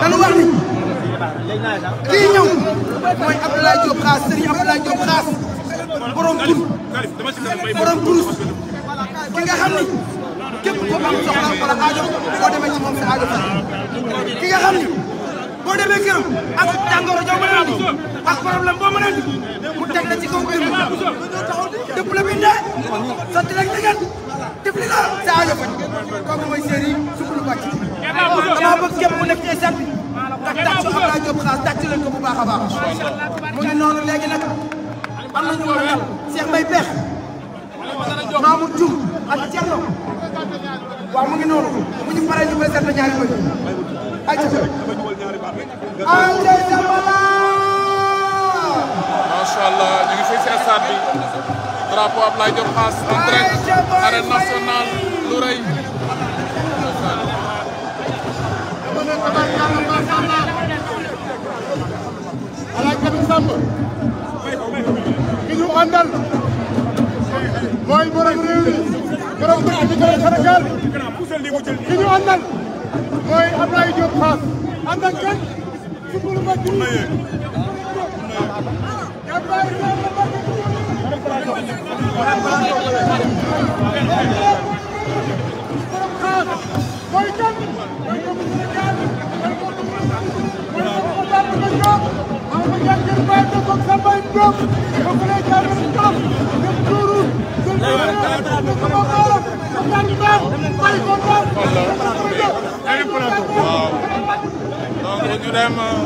danu wax ni kii ñëw mooy Abdoulaye Diop Khass Serigne Abdoulaye Diop Khass borom tur borom tur ki nga xam ni képp ko am soxla wala aajo boo demee ci moom sa aajo fa ki nga xam ni boo demee këram ak jàngoro joo mën a indi ak problème boo mën a indi mu teg la ci kaw mbir mi dëpp la bindee sotti rek digal def li la sa aajo fa kooku mooy Serigne Soukhoulou Bathie damaa bëgg képp ku nekk ci stade bi nga tàcc Abdoulaye Diop Khass tàcc leen ko bu baax a baax mu ngi noonu léegi nag am nañu war a dal Cheikh Mbaye Peex Mamour Diouf ak Thierno waaw mu ngi noonu mu ñu paree ñu présenté ñaari bëri ay ca André Sambala macha allah ñu ngi fii ci stade bi drapeau Abdoulaye Diop Khass en direct arène nationale lu rëy alaaj Kabir Samb ki ñu àndal mooy borom réew mi borom dëkk bi borom Sénégal ki ñu àndal mooy Abdoulaye Diop Fass ànd ak kenn sukkandu ba kii jàmbaay dem euh,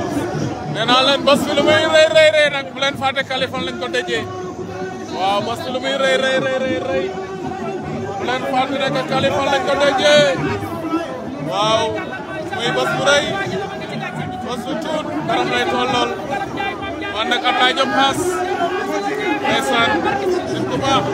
nee naa leen bas bi lu muy rëy rëy rëy nag bu leen fàtte Kaliphone lañ ko dëjee waaw bas bi lu muy rëy rëy rëy rëy bu leen fàtte ne waaw muy bas bu rëy tuut garam lay toll lool man nag am naa jom xaas ndeysaan nit ku baax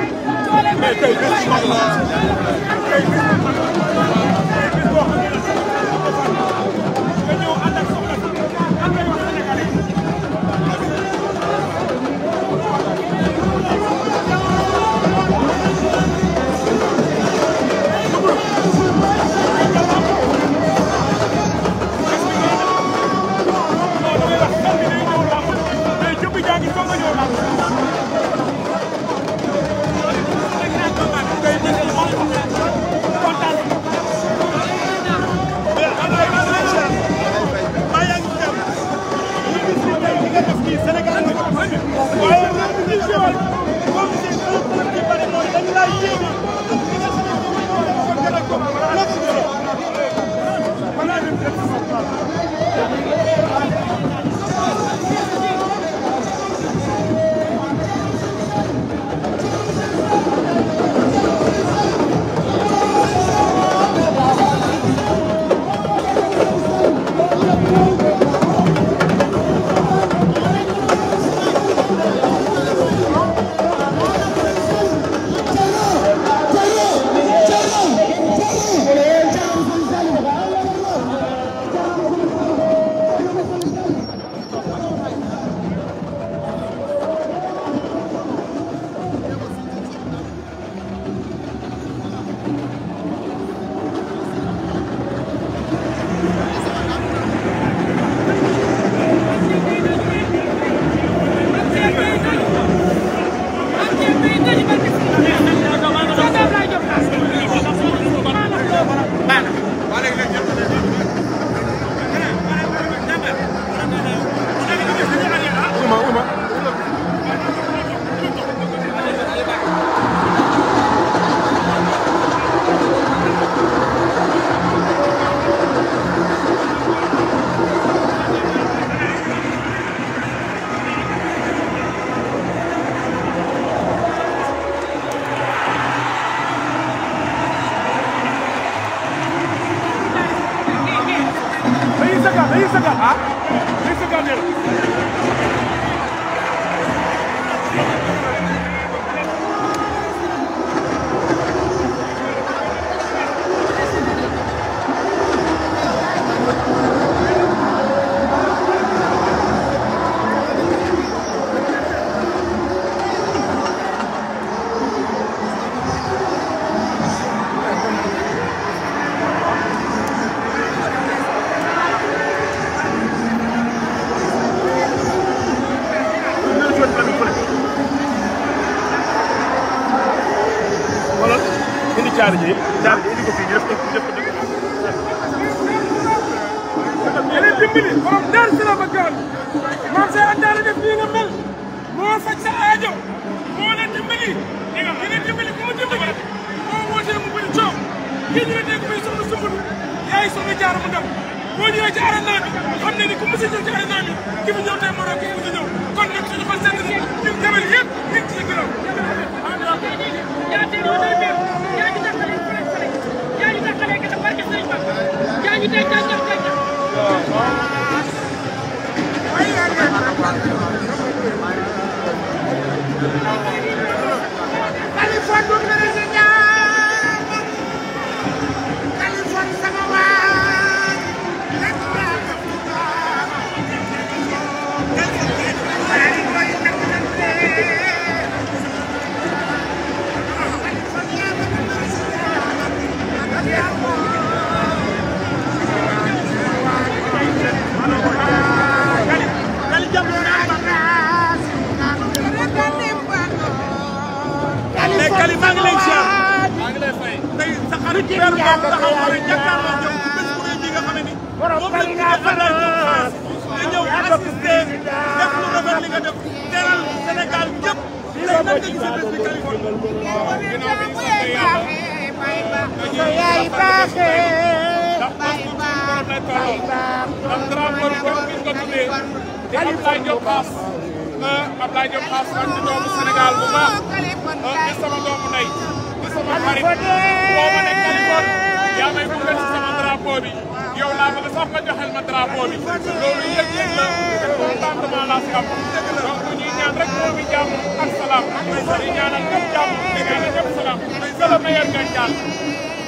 meilleur gagnant.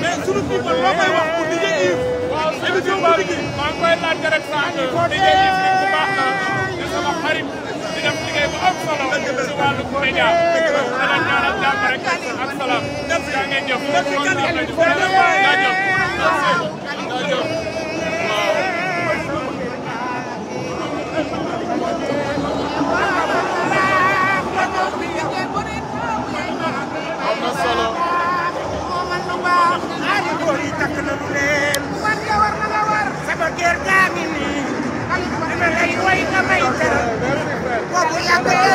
mais sunu people loo koy wax pour DJ Yves. waaw sunu people maa ngi koy laaj rek sànq. DJ Yves nit ku baax la. di sama xarit di def liggéey bu am solo. si wàllu média. dana ñaanal jàmm rek ak salaam. yaa ngeen jëf. Solo. ñaari góor yi takk na mu leen. war nga war na la war. sama kër gaa ngi nii. dama lay woy nga may dara. kooku yàgg naa.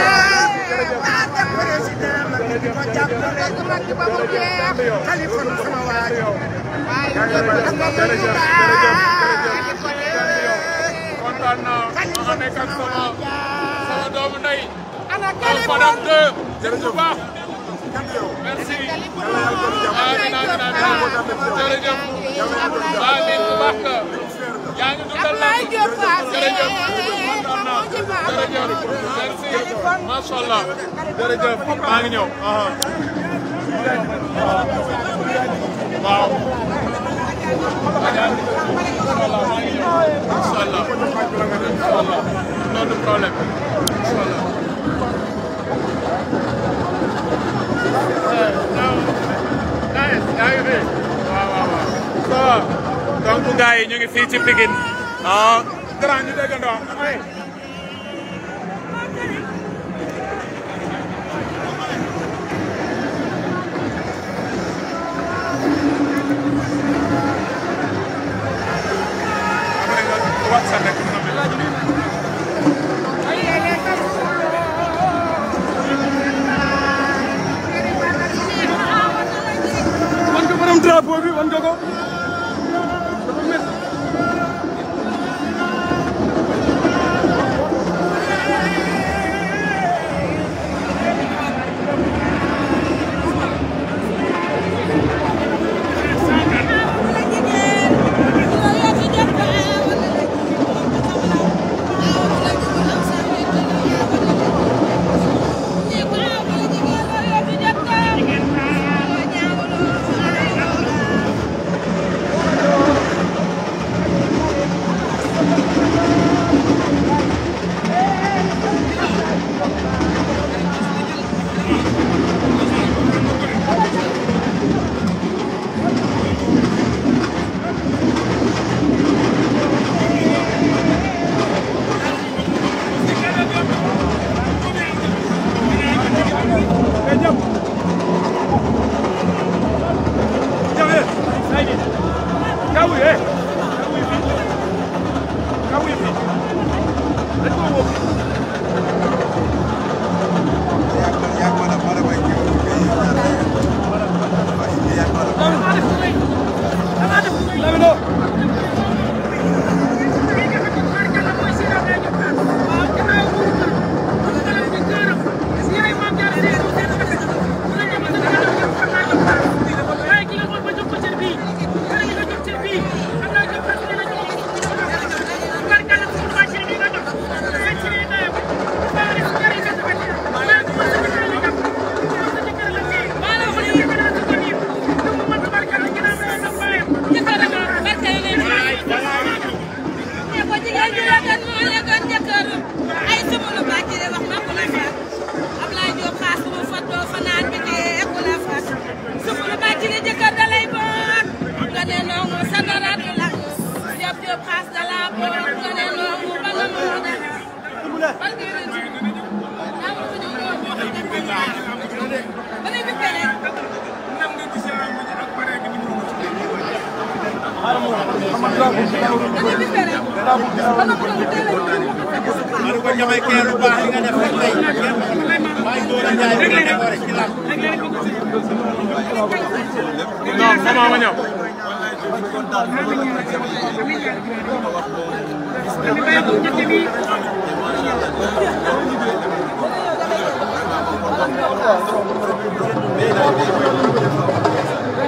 maa dem président ma ngi ko jàppale. ma ngi ba mu jeex. Khalifa sama waa ji. waaye dama ma ñu kontaan naa. ma nekk ak sama sama doomu ndey. ana Khalifa. macha allah jërëjëf maa ngi ñëw waaw macha allah non problème macha allah waaw donc gars yi ñu ngi fii ci Pikine ah. grand ñu déggandoo ay. what's happening. borom drapeau bi wan nga ko ma ne ko ñamay kee lu baax li nga def rek tey maa ngi doon jaay rek la ko rek ci làmb. non maman ma ñëw. Thank you.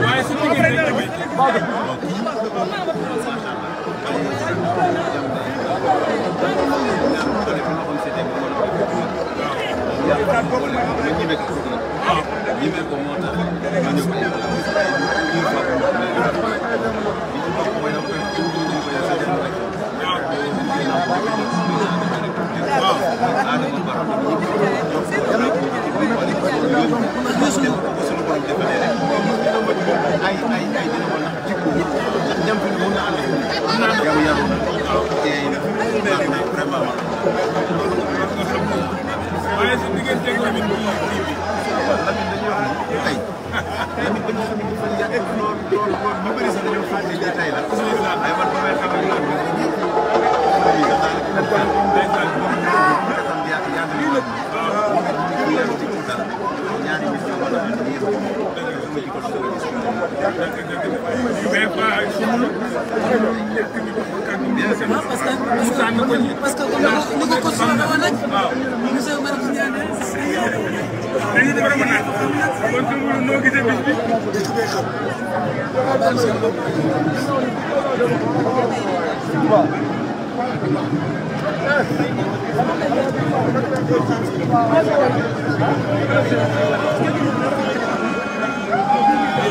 waaye su ay ay ay dina ko dem fi mun naa ànd mun naa yow yaru na teey na baax na vraiment waaye su diggante ak Lamine bi Lamine dañuy wax ni tey Lamine ba ñu xam ne dafa yàgg lool lool lool ñu bëri sax dañoo fàtte lii tey la ay man ba may xam ak Lamine Thank you. parce que ni ko ko soxla woon rek. waaw monsieur Mbarré Koungheul. dañuy def rek mën naa kon fi mu noo gisee bis bi. waaw.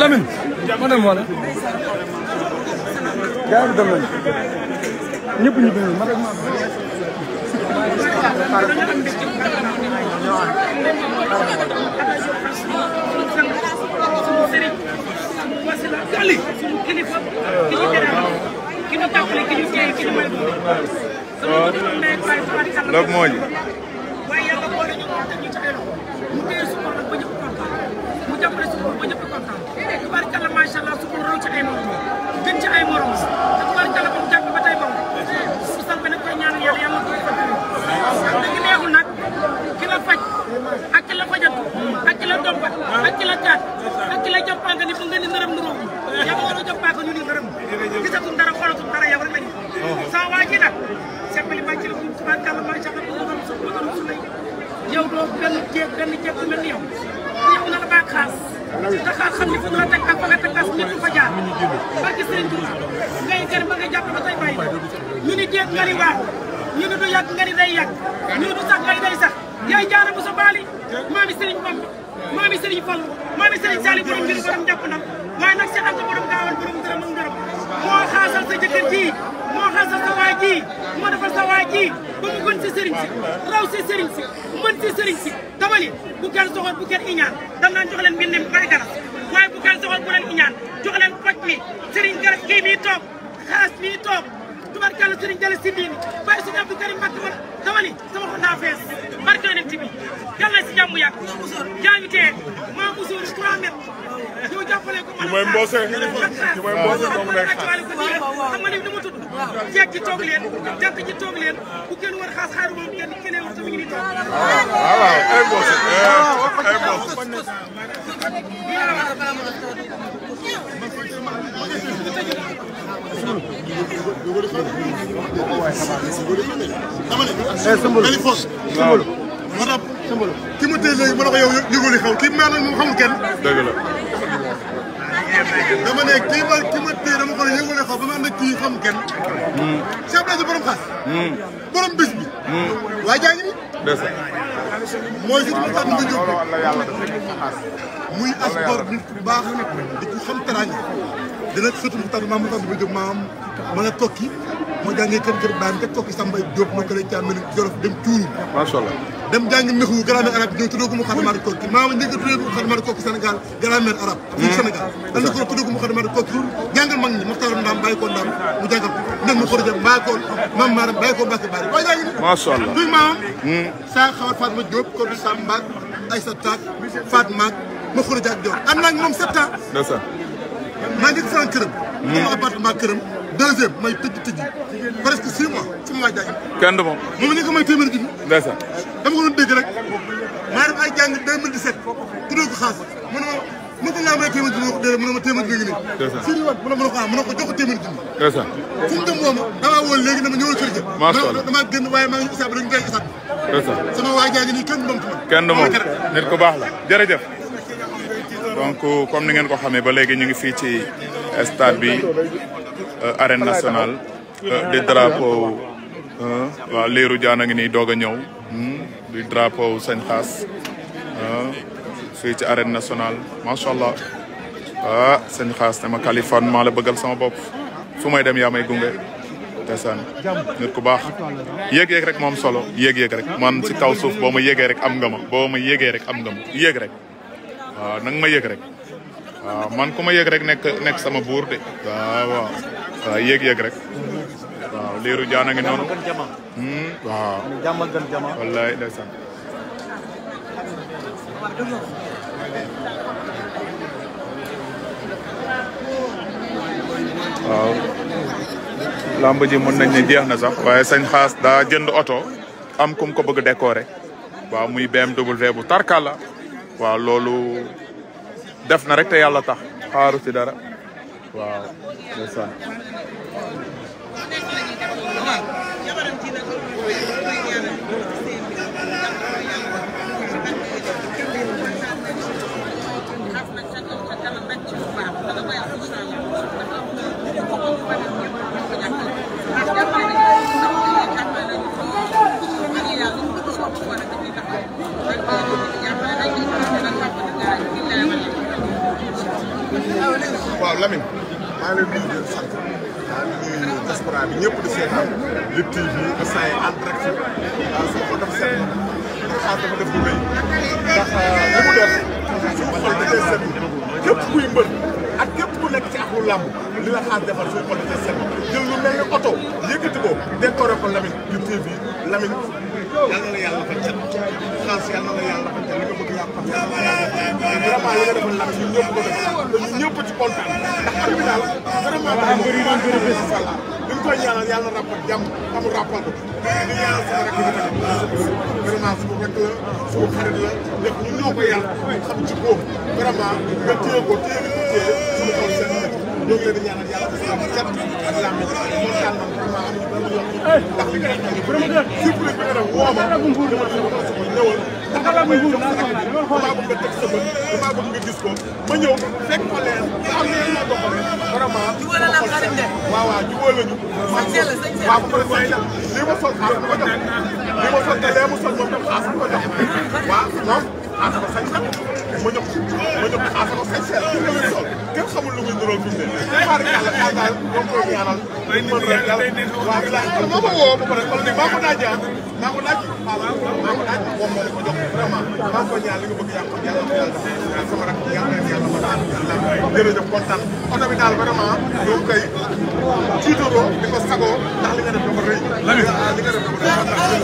Lamine ma dem wala. yaa ngi dem nañu. ñëpp ñu dem ma dem ma. loolu moo ñu. kontaan tubaarkalla macha allah su ko raw ci ay morom gën ci ay morom te tubaarkalla ba mu jàpp ba tey moom su salbe nag koy ñaan yàlla yàlla ko fa dëgg dëgg neexul nag ki la faj ak ki la fajat ak ki la dompat ak ki la kaat ak ki la jàppaanga ni bu ngeen di nërëm nuroo yow war a jàppaanga ñu ni nërëm gisatum dara xoolatum dara yow rek lañu oh. saa waa ji nag seppali bàcc la moom tubaarkalla macha allah bu ngeen su ko yow doo benn jéeg benn jéeg ku mel ni yow yow na la baa xaas taxaar xam ni fu mu la fa nga teg as nit ku ni jeet nga ni ñu ni du yàgg nga ñu du sax nga ni day sax yaay jaara bu sa baali maami Sëriñ Bamba maami Sëriñ Fallu maami Sëriñ Saali borom mbir borom jàpp si ak borom gaawal borom dara mu dara moo xaasal sa jëkkër ji moo xaasal sa waa ji moo defal sa waa ji ba mu mën si sëriñ si raw si sëriñ si mën si sëriñ si dama ni bu kenn soxor bu kenn iñaan dam naan jox leen mbir ne mbay garas waaye bu kenn soxor bu leen iñaan jox leen poj mi sëriñ garas kii mii toog xaas mii toog tubarkalla sëriñ Jalle si diini bàyyi suñu Abdou Karim Mbacke wala dama ni sama xol naa fees barke yonent bi yàlla na si jàmm yàgg yaa ngi tee maa musoor 3 mètres ki mooy mboose ki mooy mboose moom rek xam nga ni nu mu tudd jeeg ji toog leen jàkk ji toog leen bu kenn war xaas xaaru moom kenn keneen war tamit ñu toog waaw waaw ay mboose eh, ay mboose Hey, symbol. Symbol. What up? ki ma ma ne ko yow yëgul xew kii meer nag moom kenn. dama ne kii ma ki ma téye dama ko yëgul xew ba ma ne kii xamul kenn. Hmm. Cheikh Blaise borom xaas. Hmm. borom bis bi. Hmm. muy as gor nit ku baax di ku xam teraanga dina sotti mu tànn maam mu tànn ba jóg maam ma ne tokki moo jàngee kër kër baam te tokki Samba Diop ma ko lay Jolof dem Tuuru. dem jàngi mexu grammaire arabe ñëw tuddoo ko mu xadamaatu kokki maa ma njëkk a tuddee ko mu xadamaatu kokki Sénégal grammaire arabe fii Sénégal ah. dañ ko tuddoo ko mu xadamaatu kokki jàngal mag ñi Maxtaar Ndaam bàyyi ko Ndaam mu mu xorja bàyyi ko mam maaram allah duy maamam hmm. sa xawar Fatma Diop ko du Sam Mbaak Aïssa Taak Fatma am naa moom sept maa njëkk sama këram hmm. sama appartement këram deuxième may tëj tëj presque six mois sama waay jàngi kenn du moom moom ni may téeméer junni ndeysaan dama ko doon dégg rek maa def ay jàng 2017 tuddee ko xaas mu ne ma mu ne ko laa may téeméer dina ko ma téeméer dina ngi nii. c' est ça mu ma ko ah mu ma génn waaye maa ngi isaab rek ñu koy sama waa jàng nii kenn moom tamit. nit ku baax la jërëjëf. donc comme ni ngeen ko xamee ba léegi ñu ngi fii ci stade bi euh, arène nationale euh, di drapeau euh, waaw Lirou a ngi ni doog a ñëw. di drapeau sañ xaas ah, fii ci arène nationale macha allah ah sañ xaas ne ma Kaliphone la bëggal sama bopp fu may dem yaa may gunge ndeysaan nit ku baax yéeg-yéeg rek moom solo yéeg-yéeg rek man si kaw suuf boo ma yéegee rek am nga ma boo ma yéegee rek am nga yéeg rek waaw ah, ma yéeg ah, man ku ma yéeg rek nekk nekk sama buur de waaw waaw rek liiru jaan a ngi noonu. Hmm, waaw. jàmm gën ji mën nañ ne jeex na sax waaye sañ xaas daa jënd oto am kum ko bëgg a décorer waaw muy BMW bu tarkala waaw loolu def na rek te yàlla tax xaaru ci dara waaw waaw Lamine ñëpp di seetaan Lutte TV ba saa yi en direct waaw su ko def seet xaar dafa def lu rëy ndax li mu def suñu xol da koy seet képp kuy mbër ak képp ku nekk ci ak lu làmb li la xaar defar suñu xol da koy seet jël lu mel ni oto yëkkati ko décoré ko Lamine Lutte TV Lamine yàlla na yàlla fa cat xaalis yàlla na yàlla fa cat li nga bëgg yàlla fa cat vraiment li nga defal nag ñun ñëpp ko def te ñun ñëpp ci kontaan ndax at bi daal vraiment daal moom koy ñaanal yàlla na rapport jàmm amul rapport di ñaanal sama rek vraiment suñu rek la suñu xarit la lépp ñu ñoo ko yàlla xam ci ko vraiment nga téye ko téye bi ko téye suñu xol seen nekk ñoo ngi leen di ñaanal yàlla parce que cat ak laam yi moom daal man vraiment amuñu lu ñu wax ndax li nga def surprise bi nga def woo ma dama la sama ñëwal maa bëgg nga teg sa bët maa bëgg nga gis ko ma ñëw fekk ma leer am na yenn doxale vraiment waaw waaw jubóo lañu waaw bu pare mooy li ma sol xaas ko jox li ma sol te lee ma sol moom tam xaas ko jox waaw moom xaas ko sañ na ma jóg xaaral ko say seet kenn xamul lu muy dural fi mu ne nii xaaral yàlla xaaral daal boo koy ñaanal. mën rek daal waaw bi laaj moo ma woo ba pare kon ni maa ko daaj ah maa ko daaj xaaral maa ko daaj moom moo ko jox vraiment maa ko ñaan li nga bëgg yàlla ko yàlla ko yàlla sama rak yàlla yàlla ma daal yàlla jërëjëf kontaan oto bi daal vraiment ñoo ngi koy jiitoo di ko sagoo ndax li nga def dafa rëy li nga def dafa rëy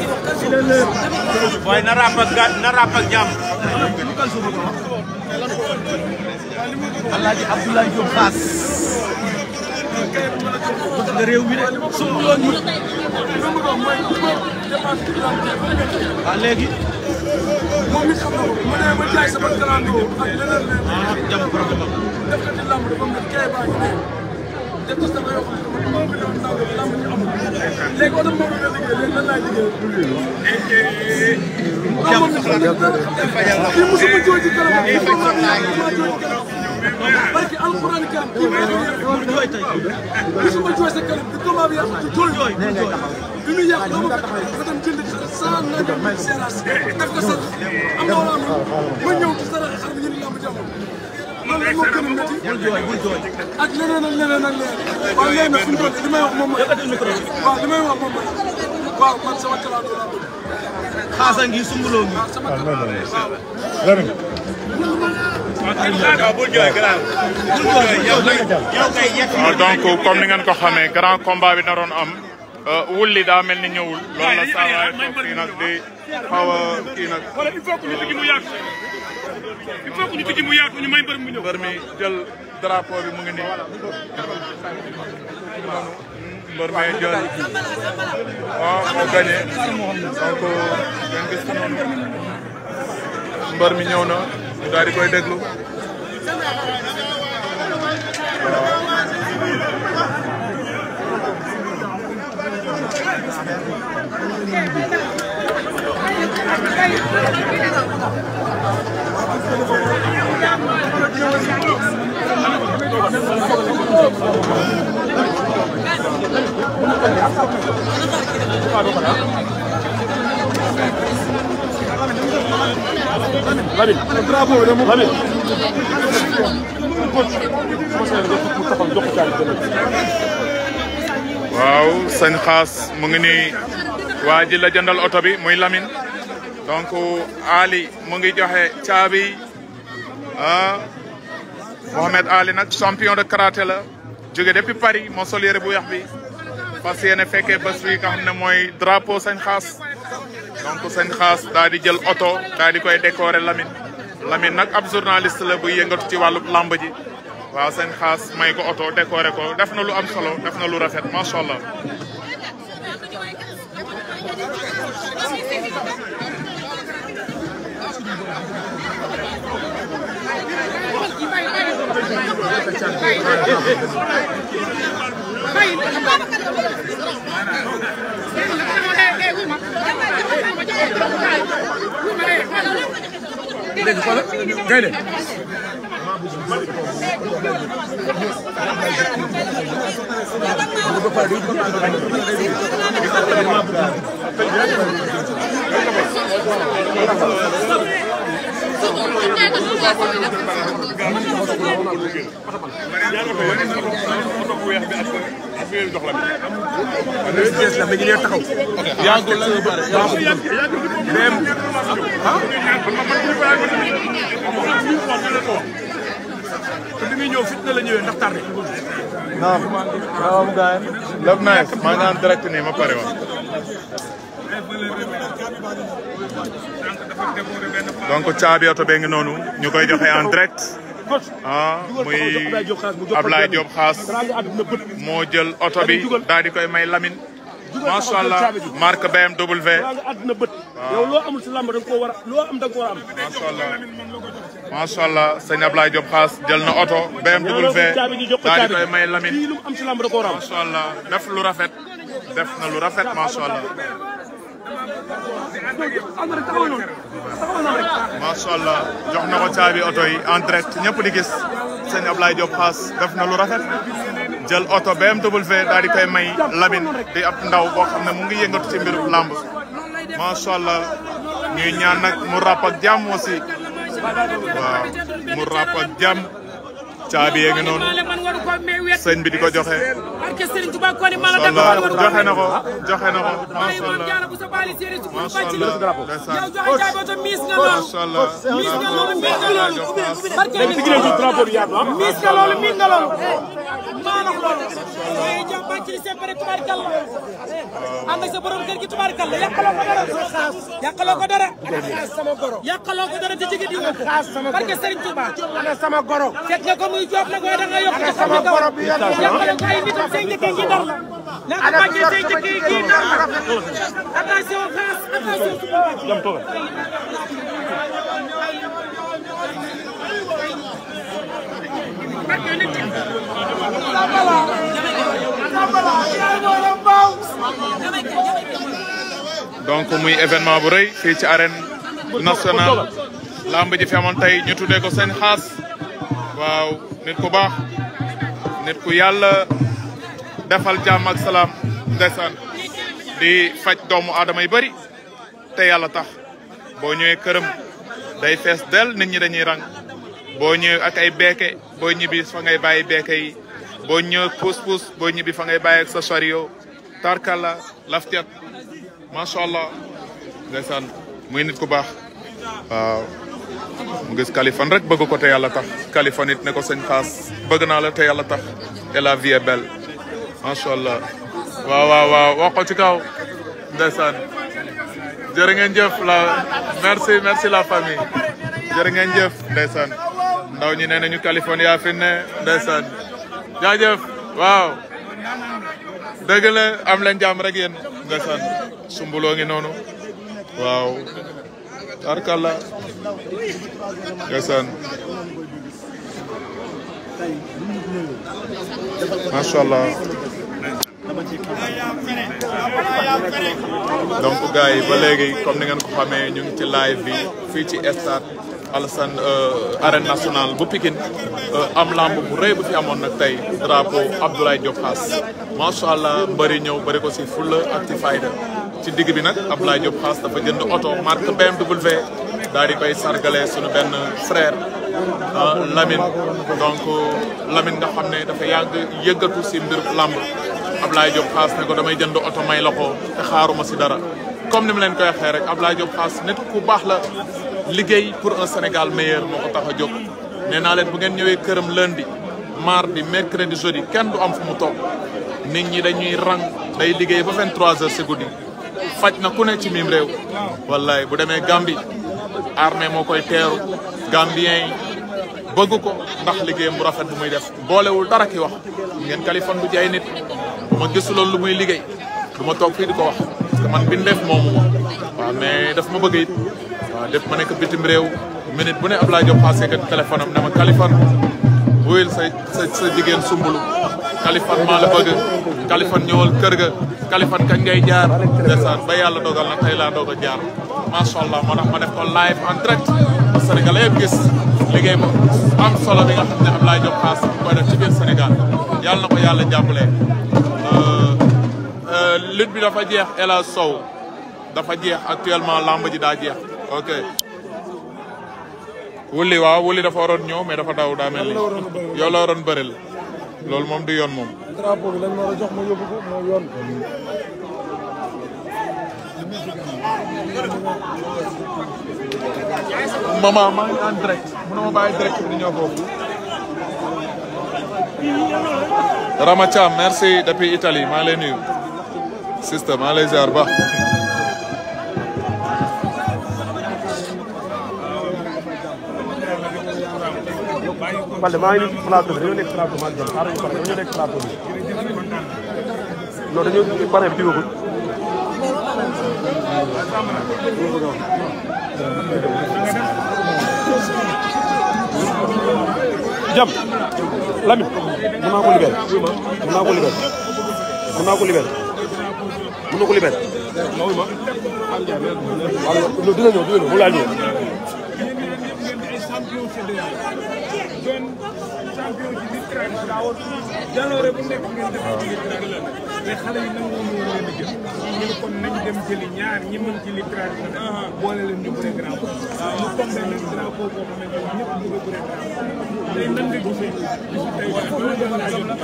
waaye na ràpp ak jàmm Alaaji Abdoulaye Diop Fass bëgg nga réew mi de suñu loon ñu waaw léegi moom it xam na ko ma ne ma jaay sama garaandoo ak leneen leneen ah, jàmm problème def ko ci lamb dafa mel kay baa ngi te Moustapha yoo xam ne moom la ñu naan làmb ji amul léegi oto moom la liggéey léegi lan laay liggéey. jàmm sax la dëgg la kii mosuma jooy ci kanam kii moom laa la yàgg mosuma jooy ci kanam. barki alxuraan kanam kii maa ngi jooy jooy tey mosuma jooy sa kanam bi combat bi yàq ci jooy jooy jooy. bi muy yàq dama ko dem jënd saa nangam seeraas def ko sa am na wala amul ma ñëw ci sa xar bi ñu ne làmb ji amul. man lan moo gën a métti. bul jooy bul jooy. ak leneen ak leneen ak leneen. waaw léegi nag fu mu toll li may wax moom mooy. waaw li may wax moom mooy. waaw man sama kalaandoo laa bëgg. xaasa ngi sumbuloo ngi. waaw sama kalaandoo waaw. donc comme ni ngeen ko xamee grand combat bi naroon am. wulli daa mel ni ñëwul. loolu la saa waay toog fii nag di xaw a kii nag. il faut que ñu tijji mu yaatu ñu may mbër mi jël drapeau bi mu ngi nii. mbër mi jël waaw moo gagné donc ngeen gis ko ñëw na ñu daal di koy déglu. Lamine waaw sañ xaas mu ngi nii waa ji la jëndal oto bi muy Lamine donc Ali mu ngi joxe caabi ah Mohamed Ali nag champion de karaté la jóge depuis Paris moo sol yére bu weex bi fas yéene fekkee bés bi nga xam ne mooy drapeau sañ xaas donc sañ xaas daal di jël oto daal di koy décorer Lamine Lamine nag ab journaliste la buy yëngatu ci wàllu làmb ji waaw sañ xaas may ko oto décorer ko def na lu am solo def na lu rafet macha allah. dégg xoolal gaynde Thank you. la mi ngi leen taxaw yàggul la nga bare même te bi muy ñëw fitna la ñëwee ndax tardé naam naam gaay love nice maa ngi naan direct nii ma pare woon donc caabi oto bee ngi noonu ñu koy joxe en direct ah muy Ablaye Diop Xaas moo jël oto bi daal koy may lamin macha allah marque BMW. waaw ah. yow loo amul si lamb a loo am da nga a am. macha allah Xaas jël na oto BMW daal di koy may Lamine macha allah def lu rafet def na lu rafet macha allah. macha allah jox na ko oto yi en direct ñëpp di gis sëñ Ablaye Diop Fass def na lu rafet jël oto BMW daal di koy may Lamine di ab ndaw boo xam ne mu ngi yëngatu ci mbiru làmb macha ñuy ñaan nag mu ràpp ak jàmm waaw mu ràpp ak caabi yeegi noonu sëñ bi di ko joxe. macha joxe na ko joxe na ko macha allah macha allah. macha allah. maanaam loolu waaye jàmm bàcc li seen bëri tubaarkal la ànd ak sa borom kër gi tubaarkal la yàqaloo ko dara yàqaloo ko dara sama goro yàqaloo ko dara te jigéen yi woo ko barke Serigne Touba ana sama goro fekk nga ko muy joob nag waaye da nga yokk sama goro bi yàqaloo ko ay nitam say njëkkee gi dar la naa ko bàccee say njëkkee gi dar la attention xaas attention donc muy événement bu rëy fii ci arène nationale lamb ji fi amoon tey ñu tuddee ko seen xaas waaw nit ku baax nit ku yàlla defal jàmm ak salaam ndeysaan di faj doomu aadama yu bari te yàlla tax boo ñëwee këram day fees del nit ñi dañuy rang boo ñëwee ak ay beeke boo ñibbi fa ngay bàyyi boo ñëwee puus boo ñibbi fa ngay bàyyi sa chariot tarkala laftet macha allah ndeysaan muy nit ku baax waaw mu gis Kaliphone rek bëgg ko te yàlla tax Kaliphone ne ko sëñ Xaas bëgg naa la te yàlla tax et vie est belle macha allah waaw waaw waaw wax ko ci kaw ndeysaan ngeen jëf la merci merci la famille jërë ngeen jëf ndaw ñi nee nañu Californie yaa fi ne ndeysaan jaajëf waaw dëgg la am leen jàmm rek yéen sumbuloo ngi noonu waaw tarkalla ndeysaan macha allah donc gars yi ba léegi comme ni ngeen ko ñu ci live bi fii ci stade Alassane euh, arène nationale bu Pikine euh, am lamb bu rëy bu fi amoon nag tey drapeau Abdoulaye Diop Khass macha allah bëri ñëw bari ko si fulla ak ci fayda ci digg bi nag Abdoulaye Diop Khass dafa jënd oto marque BMW daal di koy sargale suñu benn frère ah, Lamine donc Lamine nga xam ne dafa yàgg yëggatu si mbir lamb Abdoulaye Diop Khass ne ko damay jënd oto may la ko te xaaruma si dara comme ni mu leen koy waxee rek Abdoulaye Diop Khass nit ku baax la. liggéey pour un Sénégal meilleur moo ko tax a jóg nee naa leen bu ngeen ñëwee këram lundi mardi mercredi jeudi kenn du am fu mu toog nit ñi dañuy rang day liggéey ba 23 heures si faj na ku ne ci mim réew wallaay bu demee Gambie armée moo koy teeru Gambien yi bëgg ko ndax liggéeyam bu rafet bu muy def boolewul dara ki wax ngeen Kaliphone bu jaay nit bu ma gisuloon lu muy liggéey du ma toog fii di ko wax parce que man bindeef moomu ma waaw ma bëgg waaw def ma nekk bitim réew minute bu ne Ablaye Diop passé kat téléphone am dama Kaliphone wuyul sa sa sa jigéen sumbulu Kaliphone maa la bëgg Kaliphone ñëwal kër ga Kaliphone kañ ngay jaar ndeysaan ba yàlla dogal na tey laa doog a jaar macha allah moo tax ma def ko live en direct Sénégal yëpp gis liggéey bu am solo bi nga xam ne Ablaye Diop Pass koy def ci biir Sénégal yàlla na ko yàlla jàppale. Euh, euh, lutte bi dafa jeex El Sow dafa jeex actuellement lamb ji daa jeex. ok wulli waaw wulli dafa waroon ñëw mais dafa daw daa mel ni waroon bëril loolu moom du yoon moom drapeau bi ma yóbbu maa ngi en direct ma bàyyi direct bi di ñëw foofu Rama merci depuis Italie maa lay nuyu sister maa ba Balde maa ngi nii plateau bi dañoo nekk plateau maa ngi jëm xaaral ñu pare dañoo nekk plateau bi non dañoo pare bi wagul jam Lamine mën naa ko libéré mën naa ko libéré mën naa ko libéré mën na ko libéré waaw dina ñëw dina ñëw mu laa ñëw ci nit traité daa war jaloore bu nekk ngeen def ci nit traité la mais xale yi nangu woon leen di jël ñu ne kon nañ dem jëli ñaar ñi mën ci nit traité la boole leen ñu bëre grand mu tombé nag drapeau boo xamante ne ñëpp bëgg bëre grand tey nan nga gisee tey waaw loolu la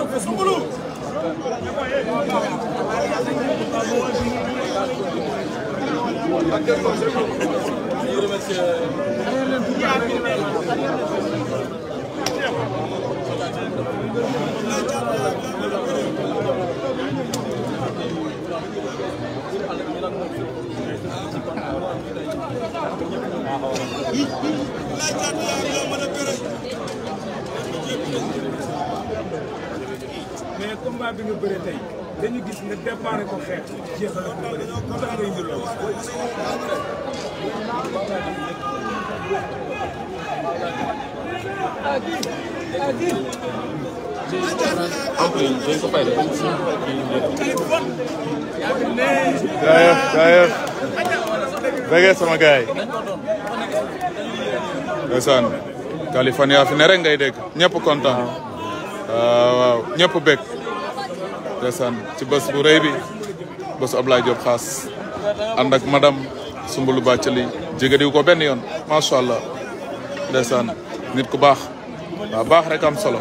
mais combat bi nga bëre tey dañu gis nga déparé ko xeex jeexal ko bëre moo tax ngay njëriñoo waaw. jaajëf jaajëf bëggee sama gaay ndeysaan Californie yaa fi ne rek ngay dégg ñëpp kontaan ah, waaw ñëpp bég ndeysaan ci bés bu rëy bi bésu Ablaye Diop Xaas ànd ak madame Sumbulu Bathily jégadiw ko benn yoon macha allah nit ku baax waaw baax rek am solo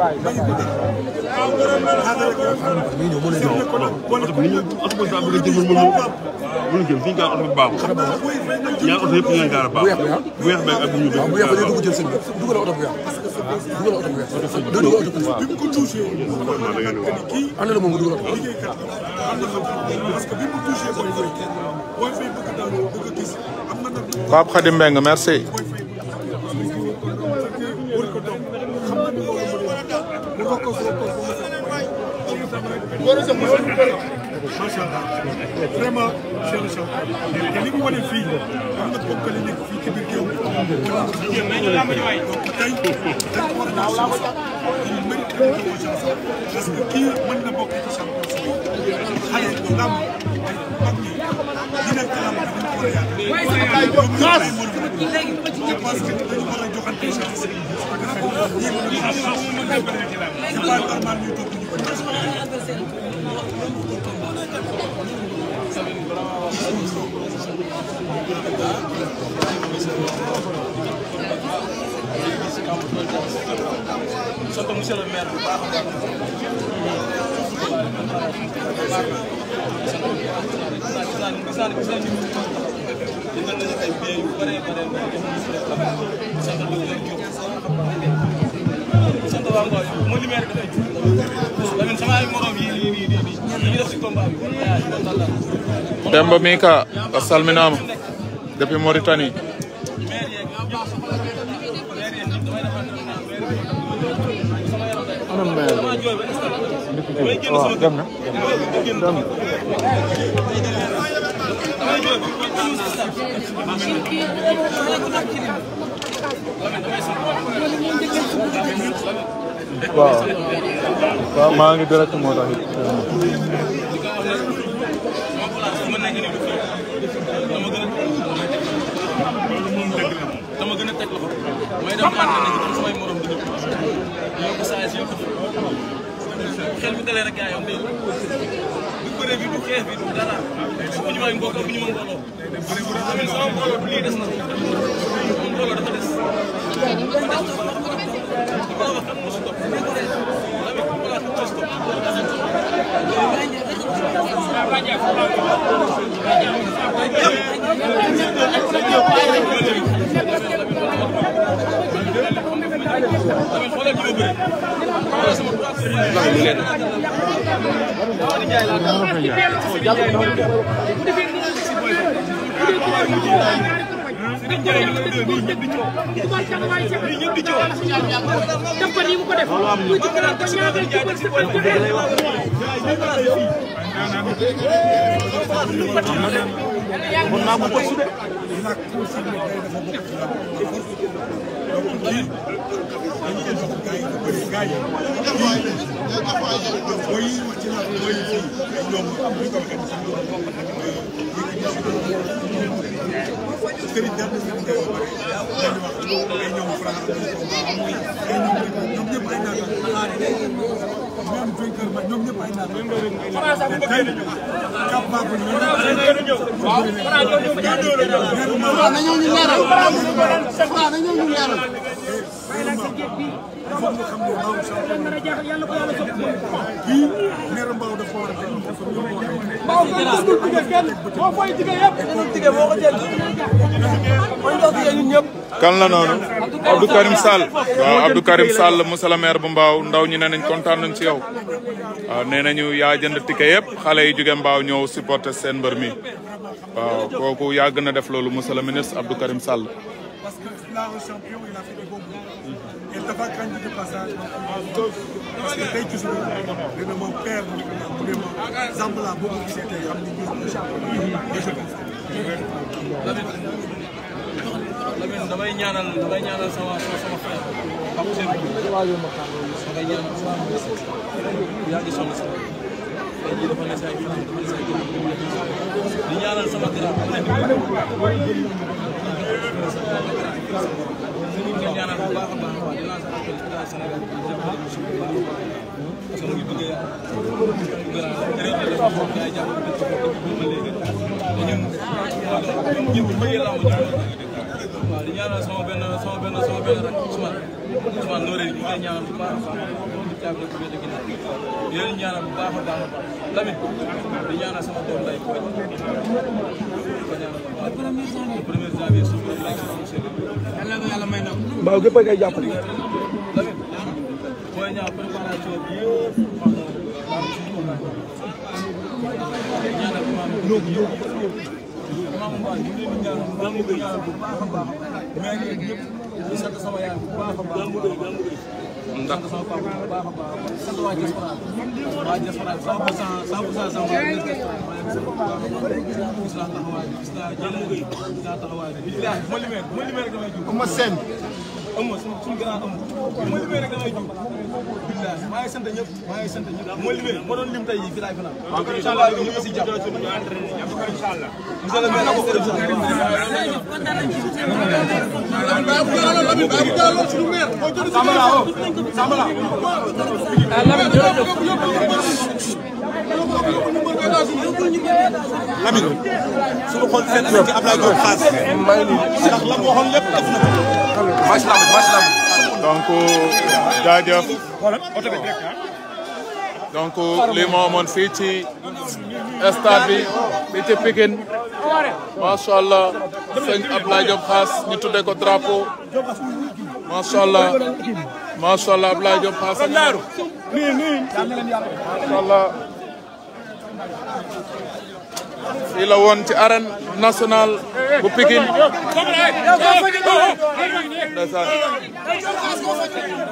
mënuñ jël fi ñu gaar oto bi baaxul. ñaar oto yëpp ñu ngi gaar a baaxul. bu weex beeg ak bu ñuul beeg. bu weex beeg dugg jël sëñ bi dugal oto bu weex. dugal oto bu weex. doo dugal oto bu weex. bi mu ko touché. am na la moom mu dugal oto bu weex. parce que bi mu touché Pape Khadim Mbengue merci. macha allah vraiment Cheikh Richard te li mu wane fii am na bokk li nekk fii ci biir géew donc tey dañ ko war a jox chance il mérite dañ ko chance parce que kii mën na bokk ci champion xale bu lam ay mag ñi li nekk lam dañ ko war a yaatal. je pense que dañu war a joxante chance sant monsieur le maire bu baax a baax. gis nañu ay biens yu bëree bëri ma limeer dafay tamit sama ay morom yi nii nii nii dañuy def si combat bi Demba Mika salminaam depuis Mauritanie waaw waaw maa ngi direct moo tax it. xel Jangan lupa ya. def ko nii mu ko def mu jëkkëral ko ñaanal jëkkër si ko def kon naa ko ko su de kii dañu koy jox gars yi ko bëri gars yi kii mooy ci la mooy fii ay ñoom ñu ko waxee sax ñu ko sëriñ daal dañu koy wax dañu wax ay ñoom France ay ñoom ñoom ñëpp ay naan même vainqueur ba ñoom ñëpp ay naan te tey capable ñu nañoo ñu leeral waaw nañoo ñu leeral il faut nga xam ne Maam Sarr kii maire Mbao dafa war a teg dafa ñëw boo xam ne. Mbao kenn boo koy jigéen yëpp. dañuy jigéen boo ko jël. mooy ñoo jigéen ñun ñëpp. kan la noonu Abdou Karim Sall waaw Abdou Karim Sall monsieur bu Mbaaw ndaw ñi ne nañ kontaan nañ ci yow waaw nee nañu yaa jënd ticket yëpp xale yi jóge Mbaaw ñëw supporter seen mbër mi waaw kooku yàgg na def loolu monsieur le ministre Abdou Karim Sall Lamine damay ñaanal damay ñaanal sama sama frère ak seen damay ñaanal sama yaa ngi sonn si tey jii dafa ne si ay fan dafa ne si ay fan di ñaanal sama grand di ñaanal bu baax a baax waaw di lancer appel état Sénégal di parce que mu ngi bëgg a gën a jàpp ñaanal sama benn sama benn sama benn rakk Ousmane Ousmane Nooré ñu ngi koy ñaanal bu baax a baax moom di caabi ko wéete ginnaaw di leen ñaanal bu baax a baax Lamine di ñaanal sama doom lay ko ñaanal premier janvier suuf la nekk si yàlla na yàlla may na mbaaw gépp a ngay jàppale Lamine mooy ñaan préparation bi yëpp maanaam ñaanal maanaam maam Mbaye ñu ngi leen di ñaanal bu baax a baax a baax mais yéen ñëpp di sant sama yaay bu baax a baax a baax. ndax sant sama papa bu baax a baax a sant waa diaspora waa diaspora 100% 100% sama waa diaspora maa ngi sant bu baax a baax gis naa taxawaay bi gis naa jëlee gis naa taxawaay bi. bilaay bu ma limee bu ma limee rek damay jóg. ëmb suñu grand ëmb bu ma limee rek damay jóg billahi maa ngi sant ñëpp maa ngi sant ñëpp bu ma limee ma doon lim tey yi fi laay fanaan inshallah ñu ngi si jàpp inshallah monsieur le maire ko def sax sama la sama la Lamine suñu xool seet nañ ci Abdoulaye Diop Khass ndax la mu waxoon lépp def na allah donc jaajëf. donc lii moo amoon fii ci stade bi fii ci allah sëñ Abdoulaye ñu tuddee ko drapeau macha allah macha allah Abdoulaye Diop Khass. macha fii la woon ci arène nationale bu Pikine ndeysaan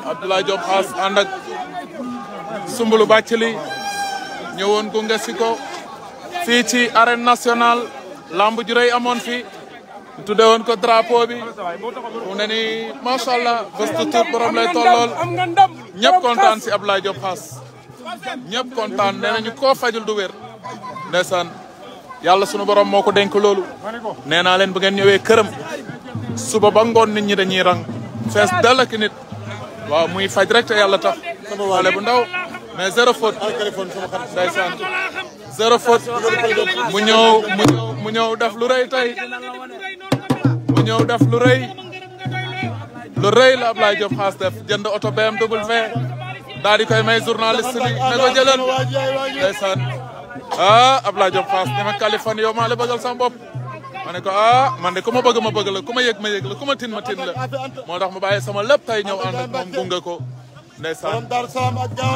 Abdoulaye Diop As ànd ak Soumboulou Bathily ko fii ci arène nationale lamb ju amoon fi tudde woon ko drapeau bi mu ne ni macha allah bés bu tuut borom lay tollool ñëpp kontaan si ñëpp kontaan nee nañu koo fajul du wér. ndeysaan yàlla sunu borom moo ko denk loolu. nee naa leen bu ngeen ñëwee këram. suba ba ni nit ñi dañuy rang. fees dal waaw muy faj rek te yàlla ta xale bu ndaw mais zéro faute. ndeysaan mu ñëw mu ñëw def lu rëy tey. mu ñëw def lu rëy. la Ablaye Diop Khass def jënd oto BMW. daal di koy may journaliste bi ne ko jëlal ndeysaan ah Abdoulaye Diop Fass ne ma la bëggal sama bop ma ne ko ah man de ku ma bëgg ma bëgg la ku ma yëg ma yëg la ku ma tin ma tin la moo tax ma bàyyi sama lépp tey ñëw ànd moom gunge ko ndeysaan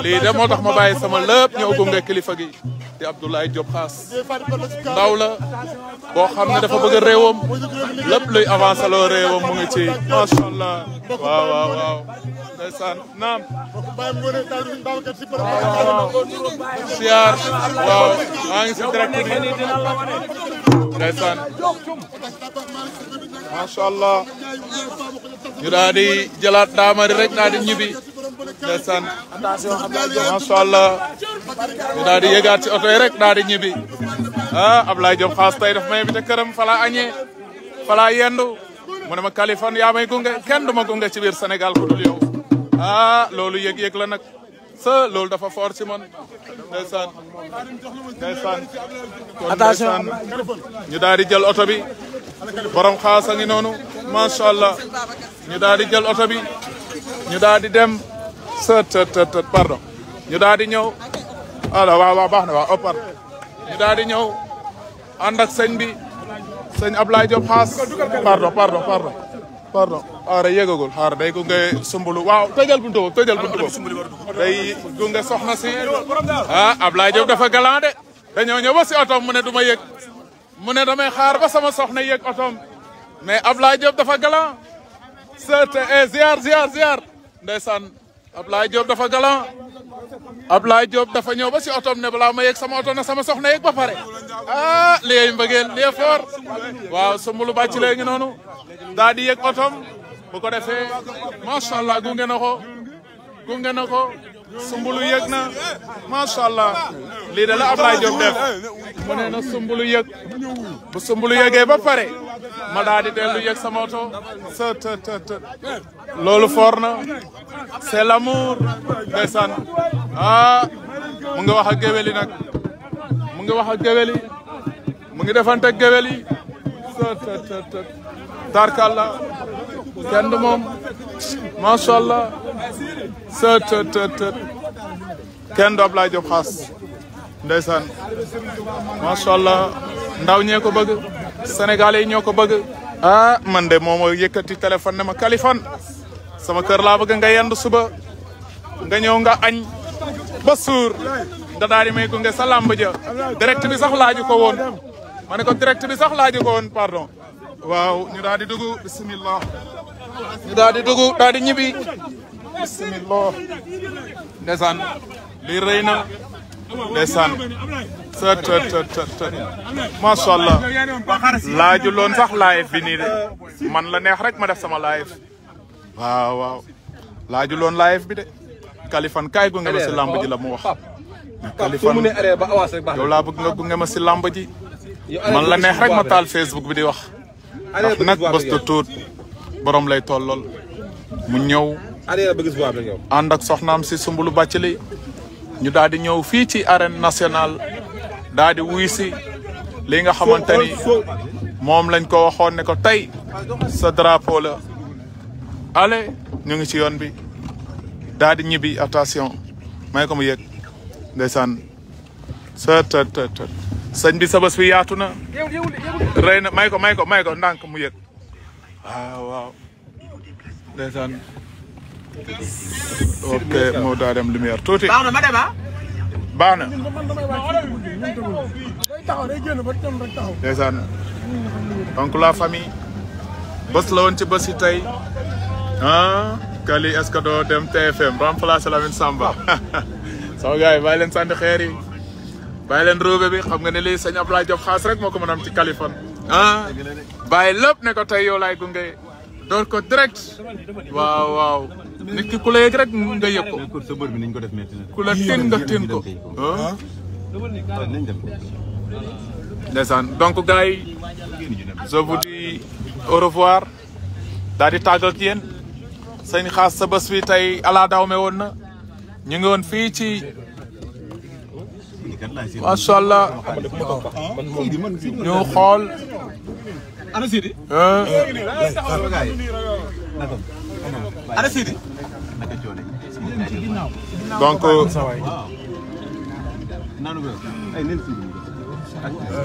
lii de moo tax ma bàyyi sama lépp ñëw gunge kilifa gi di Abdoulaye Diop Xaas ndaw boo xam ne dafa bëgg réewam lépp luy avancé loo réewam mu ngi ci macha allah waaw waaw waaw ndeysaan naam siyaar waaw maa ngi si direct bi ndeysaan macha allah ñu ndeysaan macha allah ñu di yëgaat ci oto yi rek di ñibbi ah Ablaye Diop xaas tey daf may invité këram fala añee fala yendu mu ne ma Kaliphone may gunge kenn ma gunge ci biir Sénégal ku dul yow ah loolu yëg-yëg la nag loolu dafa fort ci man ndeysaan ñu daal di oto bi borom xaas a ngi ñu daal di jël oto bi ñu daal dem. sët sët sët pardon ñu daal di ñëw alors waaw waaw baax na waaw ëppar ñu daal di ñëw ànd ak bi sëñ Ablaye Diop xaas pardon pardon pardon pardon xaara yëgagul xaara day gunge sumbulu waaw tëjal buntu boobu tëjal buntu boobu soxna si ah Ablaye Diop dafa galant de dañoo ñëw ba si otoom mu ne du ma yëg mu ne damay xaar ba sama soxna yëg otoom mais Ablaye Diop dafa galant seet eh, ziar ziar ziar ndeysaan Ablaye Diop dafa galant Ablaye Diop dafa ñëw ba si otoom ne balaa ma yegg sama oto na sama soxna yegg ba pare ah liy mbëggeel liy fort waaw Soumboulou bàcc léegi noonu daal di yegg otoom ko defee macha allah gunge na ko gunge na ko. Soumboulou yëg na lii da la Ablaye Diop def mu ne na Soumboulou yëg bu Soumboulou yëgee ba pare ma daal di dellu yëg sama oto sa të të të loolu foor na c'est l'amour ndeysaan ah mu ngi wax yi nag mu ngi wax ak ngi defante ak sa të të të tarkalla kenn du moom macha sët sët sët kenn du Ablaye Diop Xaas ndeysaan macha allah ndaw ñee ko bëgg sénégalais yi ñoo ko bëgg ah man de moom a yëkkati téléphone ma kalifon sama kër laa bëgg nga yendu suba nga ñëw nga añ ba suur nga daal di may gunge sa làmb ja direct bi sax laaju ko woon ma ko direct bi sax laaju ko woon pardon waaw ñu daal di bismillah ñu daal di dugg daal bismillah ndeysaan lii rëy na ndeysaan të sax live bi nii de man la neex rek ma def sama live waaw waaw laajuloon live bi de kalifan kaay gunge ma si la mu wax kalifan yow laa bëgg nga gunge ma si lamb ji man la neex rek ma taal facebook bi di wax ndax nag bés du borom lay tollool mu ñëw ànd ak soxnaam si Soumboulou Bathily ñu daal di ñëw fii ci arène nationale daal wuy si li nga xamante ni moom lañ ko waxoon ne ko tey sa drapeau la ale ñu ngi ci yoon bi daal di ñibbi attention may ko mu yëg ndeysaan sa bi sa bés bi yaatu na rëy na may ko may ko may ndànk mu yëg waaw waaw ndeysaan ok moo daa dem lumière tuuti. baax na ma dem ah. baax na. la famille. bés ci bés yi tey. ah Kali est-ce que doo dem TFM remplacer Samba. sama gars yi bàyyi leen sànni xeer yi. leen robe bi xam nga ne lii sëñ Abdoulaye Diop rek moo ko mën ci Kaliphone. ah bàyyi lépp ne ko tey yow gunge. door ko direct. waaw waaw. nit ki ku la yëg rek nga ko. ku la tën nga tën ko. ndeysaan donc gars yi je vous dis au revoir daal di tàgg ak yéen sëñ xaas sa bés bi tey ala dawme woon na ñu ngi woon fii ci. macha allah ñu xool. ana Sidi. ana Sidi. donc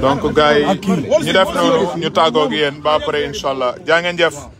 donc gars yi ñu def noonu ñu tàggoog yéen ba pare incha allah jaa ngeen jëf